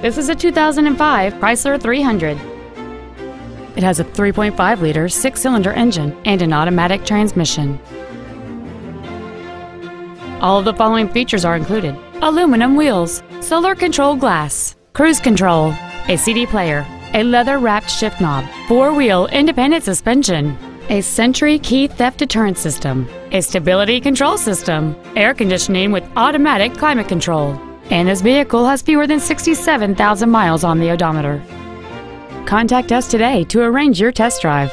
This is a 2005 Chrysler 300. It has a 3.5 liter six cylinder engine and an automatic transmission. All of the following features are included aluminum wheels, solar control glass, cruise control, a CD player, a leather wrapped shift knob, four wheel independent suspension, a Sentry key theft deterrent system, a stability control system, air conditioning with automatic climate control, and this vehicle has fewer than 67,000 miles on the odometer. Contact us today to arrange your test drive.